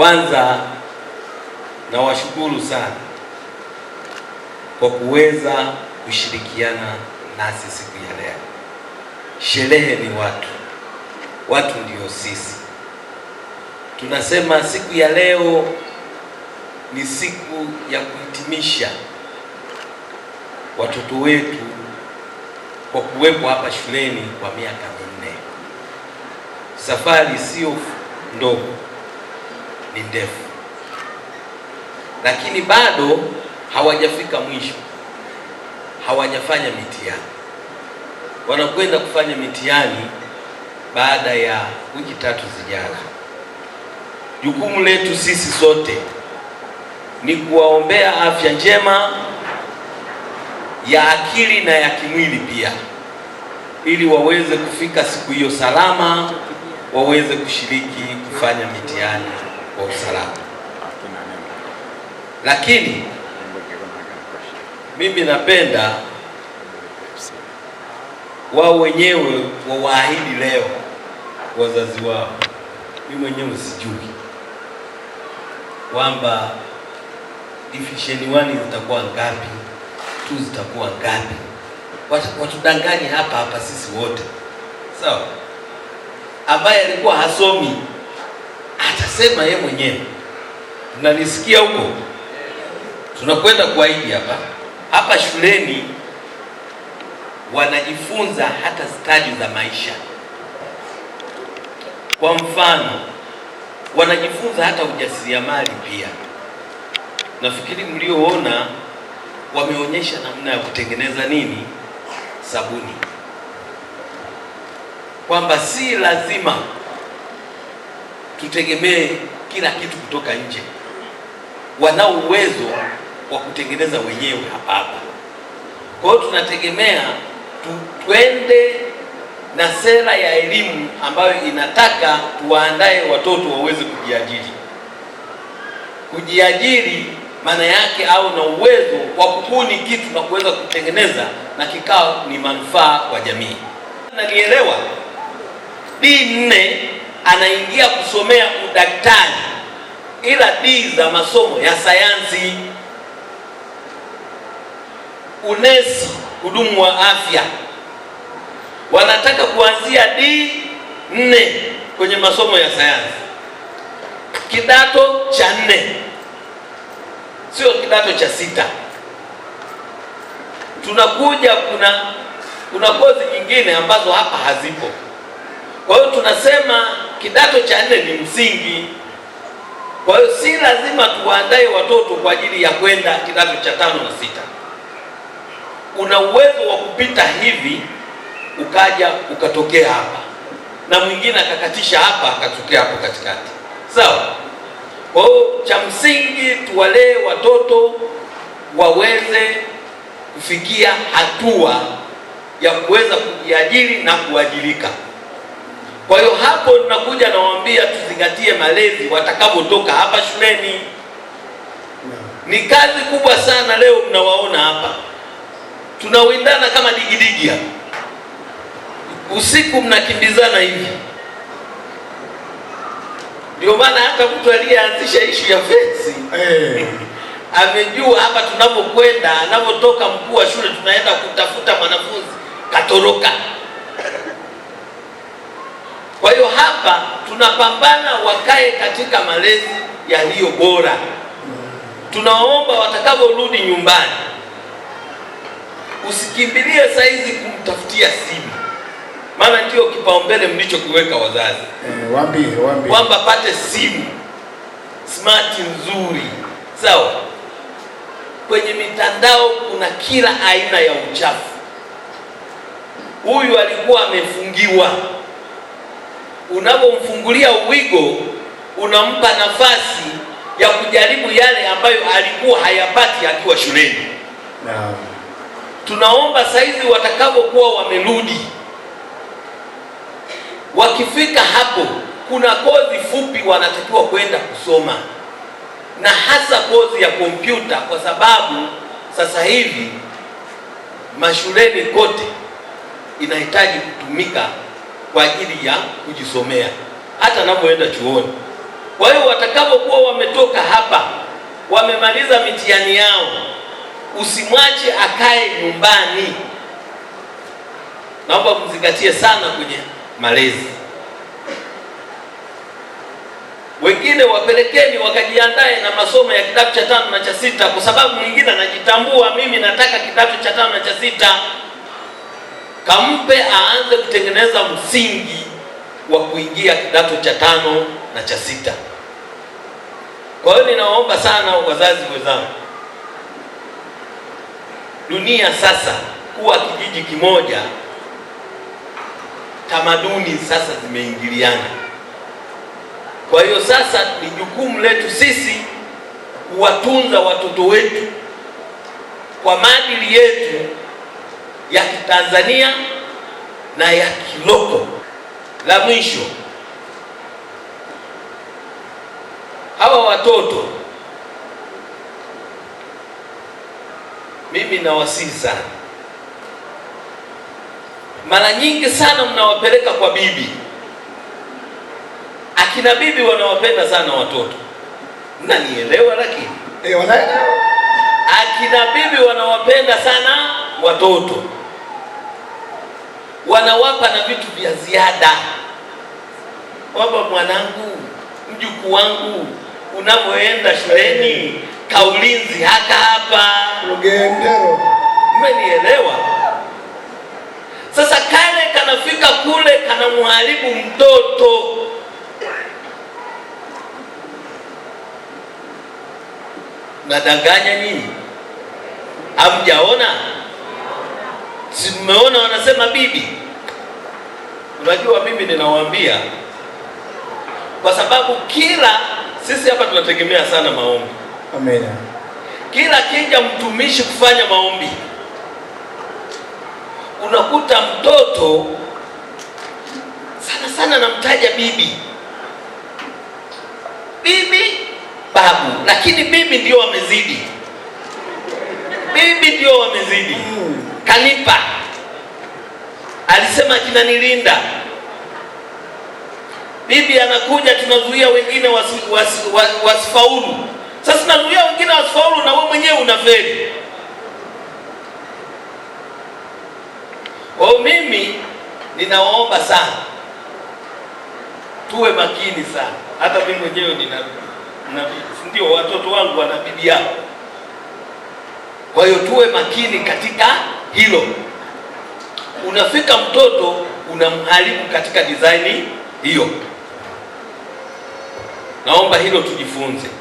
Kwanza nawashukuru sana kwa kuweza kushirikiana nasi siku ya leo. Sherehe ni watu, watu ndio sisi. Tunasema siku ya leo ni siku ya kuhitimisha watoto wetu kwa kuwepo hapa shuleni kwa miaka minne. Safari sio ndogo ni ndefu, lakini bado hawajafika mwisho, hawajafanya mitihani. Wanakwenda kufanya mitihani baada ya wiki tatu zijazo. Jukumu letu sisi sote ni kuwaombea afya njema ya akili na ya kimwili pia, ili waweze kufika siku hiyo salama, waweze kushiriki kufanya mitihani kwa usalama, lakini mimi napenda wao wenyewe wawaahidi leo wazazi wao, mimi mwenyewe sijui kwamba divisheni wani zitakuwa ngapi tu zitakuwa ngapi, watudanganye hapa hapa sisi wote sawa. So, ambaye alikuwa hasomi anasema yeye mwenyewe. Mnanisikia huko? Tunakwenda kuahidi hapa hapa shuleni, wanajifunza hata stadi za maisha. Kwa mfano, wanajifunza hata ujasiriamali pia. Nafikiri mlioona wameonyesha namna ya kutengeneza nini, sabuni, kwamba si lazima tutegemee kila kitu kutoka nje. Wanao uwezo wa kutengeneza wenyewe hapa hapa. Kwa hiyo tunategemea tuende twende na sera ya elimu ambayo inataka tuwaandae watoto waweze kujiajiri. Kujiajiri maana yake au na uwezo wa kubuni kitu na kuweza kutengeneza na kikao ni manufaa kwa jamii. Nalielewa D nne anaingia kusomea udaktari, ila D za masomo ya sayansi, unesi, hudumu wa afya, wanataka kuanzia D nne kwenye masomo ya sayansi, kidato cha nne, sio kidato cha sita. Tunakuja kuna kuna kozi nyingine ambazo hapa hazipo, kwa hiyo tunasema kidato cha nne ni msingi. Kwa hiyo si lazima tuwaandae watoto kwa ajili ya kwenda kidato cha tano na sita. Una uwezo wa kupita hivi ukaja ukatokea hapa, na mwingine akakatisha hapa akatokea hapo katikati, sawa? Kwa hiyo cha msingi tuwalee watoto waweze kufikia hatua ya kuweza kujiajiri na kuajirika. Kwa hiyo hapo tunakuja nawaambia, tuzingatie malezi watakapotoka hapa shuleni. Ni kazi kubwa sana. Leo mnawaona hapa tunawindana kama digidigi hapa, usiku mnakimbizana hivi. Ndio maana hata mtu aliyeanzisha ishu ya fensi eh. hey, amejua hapa tunapokwenda, anapotoka mkuu wa shule, tunaenda kutafuta mwanafunzi katoroka kwa hiyo hapa tunapambana wakae katika malezi yaliyo bora. tunaomba watakavyorudi nyumbani, usikimbilie saizi kumtafutia simu, maana ndio kipaumbele mlichokiweka wazazi eh, waambie kwamba pate simu smart nzuri, sawa. Kwenye mitandao kuna kila aina ya uchafu. Huyu alikuwa amefungiwa unapomfungulia uwigo, unampa nafasi ya kujaribu yale ambayo alikuwa hayapati akiwa shuleni. Tunaomba saizi watakapokuwa wamerudi, wakifika hapo, kuna kozi fupi wanatakiwa kwenda kusoma, na hasa kozi ya kompyuta, kwa sababu sasa hivi mashuleni kote inahitaji kutumika kwa ajili ya kujisomea hata anapoenda chuoni. Kwa hiyo watakapokuwa wametoka hapa wamemaliza mitihani yao, usimwache akae nyumbani. Naomba mzingatie sana kwenye malezi. Wengine wapelekeni wakajiandae na masomo ya kidato cha tano na cha sita, kwa sababu mwingine anajitambua, mimi nataka kidato cha tano na cha sita kampe aanze kutengeneza msingi wa kuingia kidato cha tano na cha sita. Kwa hiyo ninaomba sana wazazi wenzangu, dunia sasa kuwa kijiji kimoja, tamaduni sasa zimeingiliana. Kwa hiyo sasa ni jukumu letu sisi kuwatunza watoto wetu kwa maadili yetu ya Kitanzania na ya kiloko. La mwisho, hawa watoto mimi nawasihi sana, mara nyingi sana mnawapeleka kwa bibi. Akina bibi wanawapenda sana watoto, mnanielewa? Lakini eh, akina bibi wanawapenda sana watoto wanawapa na vitu vya ziada, kwamba mwanangu, mjukuu wangu, unapoenda shuleni kaulinzi haka hapa Lugendero. umenielewa? Sasa kale kanafika kule kanamharibu mtoto nadanganya nini? Hamjaona? Si mmeona wanasema bibi. Unajua mimi ninawaambia kwa sababu kila sisi hapa tunategemea sana maombi. Amen. Kila kija mtumishi kufanya maombi, unakuta mtoto sana sana namtaja bibi, bibi, babu, lakini bibi ndio wamezidi, bibi ndio wamezidi kanipa, alisema kinanilinda. Bibi anakuja, tunazuia wengine wasifaulu wasi, wasi, sasa nazuia wengine wasifaulu na wewe mwenyewe unafeli. Kwa oh, mimi ninawaomba sana tuwe makini sana. Hata mimi mwenyewe nina ndio watoto wangu wana bibi yao, kwa hiyo tuwe makini katika hilo. Unafika mtoto unamharibu katika design hiyo. Naomba hilo tujifunze.